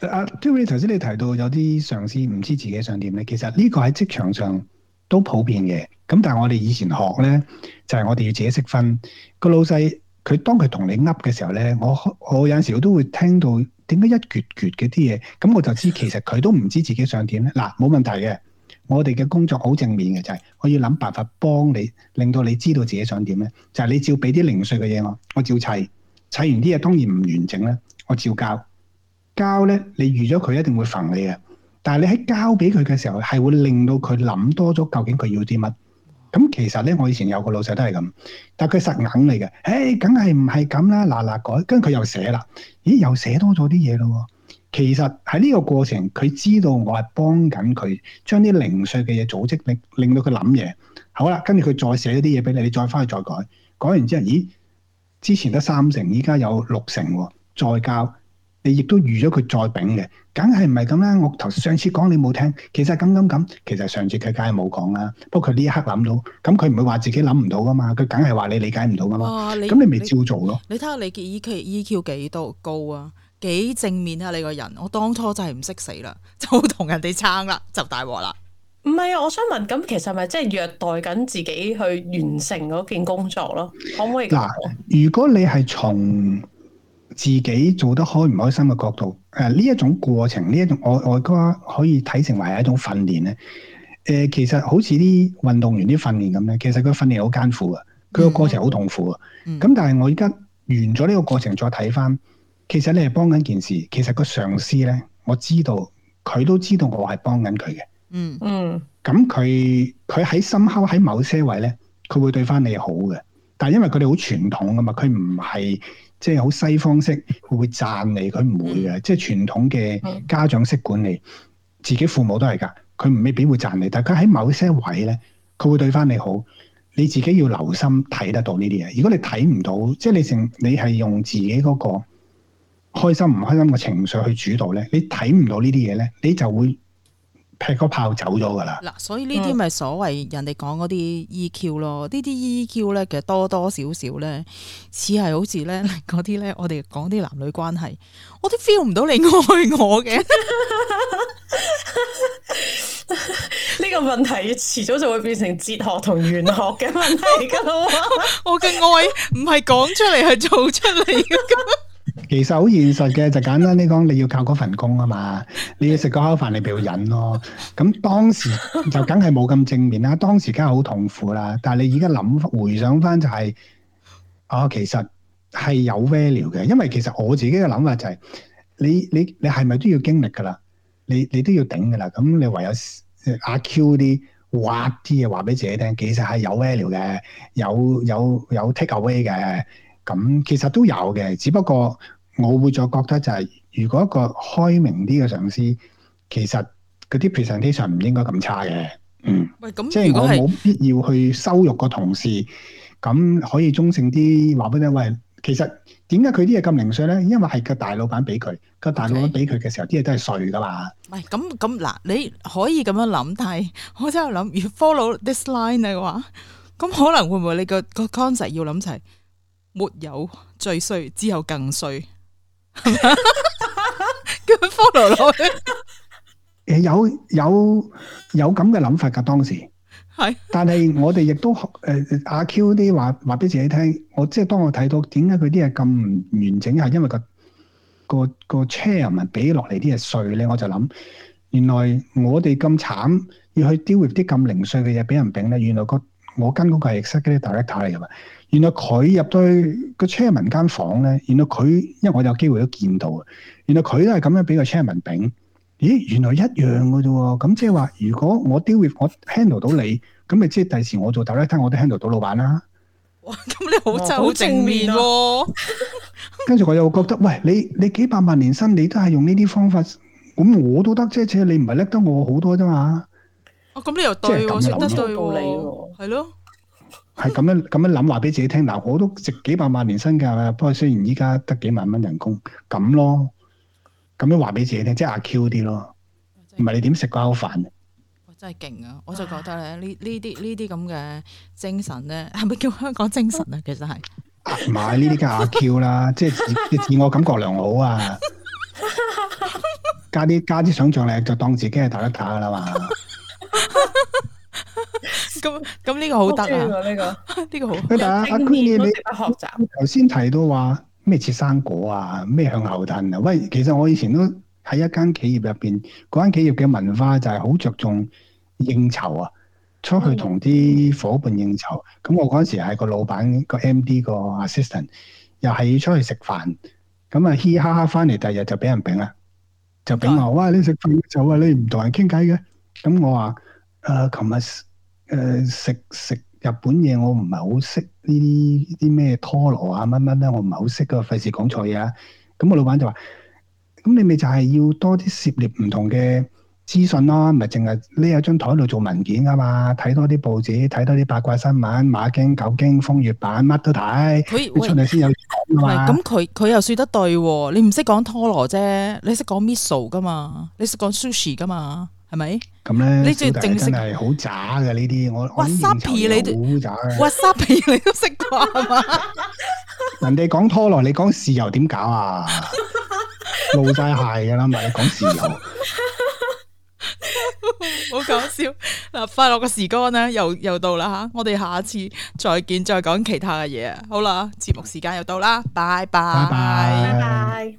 欸，阿 Tony 頭先你提到有啲上司唔知自己想點咧，其實呢個喺職場上都普遍嘅。咁但係我哋以前學咧，就係、是、我哋要自己識分個老細。佢當佢同你噏嘅時候咧，我我有陣時我都會聽到一頓一頓，點解一撅撅嗰啲嘢，咁我就知其實佢都唔知自己想點咧。嗱，冇問題嘅。我哋嘅工作好正面嘅就係，我要諗辦法幫你，令到你知道自己想點咧。就係你照俾啲零碎嘅嘢我，我照砌，砌完啲嘢當然唔完整咧，我照交交咧，你預咗佢一定會煩你嘅。但係你喺交俾佢嘅時候，係會令到佢諗多咗究竟佢要啲乜。咁其實咧，我以前有個老細都係咁，但係佢實硬嚟嘅。誒，梗係唔係咁啦，嗱嗱改，跟住佢又寫啦，咦，又寫多咗啲嘢咯喎。其實喺呢個過程，佢知道我係幫緊佢將啲零碎嘅嘢組織，令令到佢諗嘢。好啦，跟住佢再寫一啲嘢俾你，你再翻去再改。改完之後，咦？之前得三成，依家有六成喎，哦。再教你亦都預咗佢再丙嘅，梗係唔係咁啦？我頭上次講你冇聽，其實咁咁咁，其實上次佢梗係冇講啦。不過佢呢一刻諗到，咁佢唔會話自己諗唔到噶嘛。佢梗係話你理解唔到噶嘛。咁你咪照做咯？你睇下你嘅 EQ EQ 幾多高啊？幾正面啊！你個人，我當初就係唔識死啦，就 同人哋撐啦，就大鑊啦。唔係啊，我想問，咁其實咪即係虐待緊自己去完成嗰件工作咯？可唔可以嗱？如果你係從自己做得開唔開心嘅角度，誒、呃，呢一種過程，呢一種我我覺得可以睇成為係一種訓練咧。誒、呃，其實好似啲運動員啲訓練咁咧，其實佢訓練好艱苦啊，佢、呃嗯、個過程好痛苦啊。咁但係我而家完咗呢個過程，再睇翻。其實你係幫緊件事，其實個上司咧，我知道佢都知道我係幫緊佢嘅。嗯嗯，咁佢佢喺深刻喺某些位咧，佢會對翻你好嘅。但係因為佢哋好傳統啊嘛，佢唔係即係好西方式會讚你，佢唔會嘅。即係傳統嘅家長式管理，嗯、自己父母都係㗎，佢唔未必會讚你。但佢喺某些位咧，佢會對翻你好，你自己要留心睇得到呢啲嘢。如果你睇唔到，即係你成你係用自己嗰、嗰個開心唔開心嘅情緒去主導咧，你睇唔到呢啲嘢咧，你就會劈個炮走咗噶啦。嗱，所以呢啲咪所謂人哋講嗰啲 EQ 咯，呢啲 EQ 咧其實多多少少咧似係好似咧嗰啲咧，我哋講啲男女關係，我都 feel 唔到你愛我嘅。呢個問題遲早就會變成哲學同玄學嘅問題噶啦。我嘅愛唔係講出嚟，係做出嚟嘅。 其實好現實嘅，就簡單啲講，你要靠嗰份工啊嘛，你要食個口飯，你咪要忍咯。咁當時就梗係冇咁正面啦，當時梗係好痛苦啦。但係你而家諗回想翻就係，哦，其實係有 value 嘅，因為其實我自己嘅諗法就係，你你你係咪都要經歷噶啦？你你都要頂噶啦。咁你唯有阿 Q 啲挖啲嘢話俾自己聽，其實係有 value 嘅，有有有 take away 嘅。咁其實都有嘅，只不過我會再覺得就係、是，如果一個開明啲嘅上司，其實嗰啲 presentation 唔應該咁差嘅，嗯。喂，咁、嗯、即係是 我冇必要去羞辱個同事，咁可以中性啲話俾你喂，其實點解佢啲嘢咁零碎咧？因為係個大老闆俾佢，個 Okay. 大老闆俾佢嘅時候，啲嘢都係碎噶嘛。唔係咁咁嗱，你可以咁樣諗，但係我真係諗，如果 follow this line 嘅話，咁可能會唔會你個個 concept 要諗齊？沒有最衰，之後更衰，叫 follow 落去。誒，有有有咁嘅諗法噶，當時係，但係我哋亦都誒阿 Q 啲話話俾自己聽，我即係當我睇到，點解佢啲嘢咁唔完整，係因為個個個 chair 唔係俾落嚟啲嘢碎咧，我就諗，原來我哋咁慘要去 deal with 啲咁零碎嘅嘢俾人拼咧，原來個。我跟嗰個 ex 嗰啲 director 嚟㗎嘛，原來佢入到去個 chairman 間房咧，原來佢，因為我有機會都見到啊，原來佢都係咁樣俾個 chairman 頂，咦，原來一樣㗎啫喎，咁即係話，如果我 deal with 我 handle 到你，咁咪即係第時我做 director 我都 handle 到老闆啦。哇，咁你好就好正面喎、啊。 跟住我又覺得，喂，你你幾百萬年薪，你都係用呢啲方法，咁我都得即啫，你唔係叻得我好多啫嘛。咁、哦、你又對、哦，我覺得都冇、哦、理喎、哦，係咯，係咁 樣咁樣諗話俾自己聽。嗱，我都值幾百萬年薪㗎啦，不過雖然依家得幾萬蚊人工，咁咯，咁樣話俾自己聽，即係阿 Q 啲咯。唔係你點食飽飯？哇！真係勁啊！我就覺得咧，呢呢啲呢啲咁嘅精神咧，係咪叫香港精神啊？其實係唔係呢啲叫阿 Q 啦？ 即係自自我感覺良好啊！加啲加啲想像力，就當自己係打一打㗎啦嘛～咁咁呢個好得啊！呢個呢個好得。咁但係阿 Ken，你學習頭先提到話咩切生果啊，咩向後騰啊？喂，其實我以前都喺一間企業入邊，嗰間企業嘅文化就係好着重應酬啊，出去同啲伙伴應酬。咁我嗰時係個老闆個 MD 個 assistant，又係出去食飯，咁啊嘻哈哈翻嚟，第二日就俾人丙啦，就摒我哇，你食飯應酬啊，你唔同人傾偈嘅。咁我話。誒，琴日誒食食日本嘢，我唔係好識呢啲啲咩拖羅啊乜乜乜，我唔係好識噶，費事講錯嘢啊！咁、啊、我老闆就話，咁你咪就係要多啲涉獵唔同嘅資訊咯、啊，唔係淨係匿喺張台度做文件噶、啊、嘛？睇多啲報紙，睇多啲八卦新聞，馬經、狗經、風月版乜都睇，喂你出嚟先有料，咁佢佢又説得對喎、啊，你唔識講拖羅啫，你識講 miso 噶嘛，你識講 sushi 噶嘛？係咪？咁咧，你最正式係好渣嘅呢啲？我哇，Sapi 你都好渣嘅。哇，Sapi 你都識啩係嘛？人哋講拖羅，你講豉油點搞啊？露晒鞋嘅啦，唔係你講豉油。好搞笑！嗱、啊，快樂嘅時光咧，又又到啦吓、啊，我哋下一次再見，再講其他嘅嘢啊！好啦，節目時間又到啦，拜拜拜拜。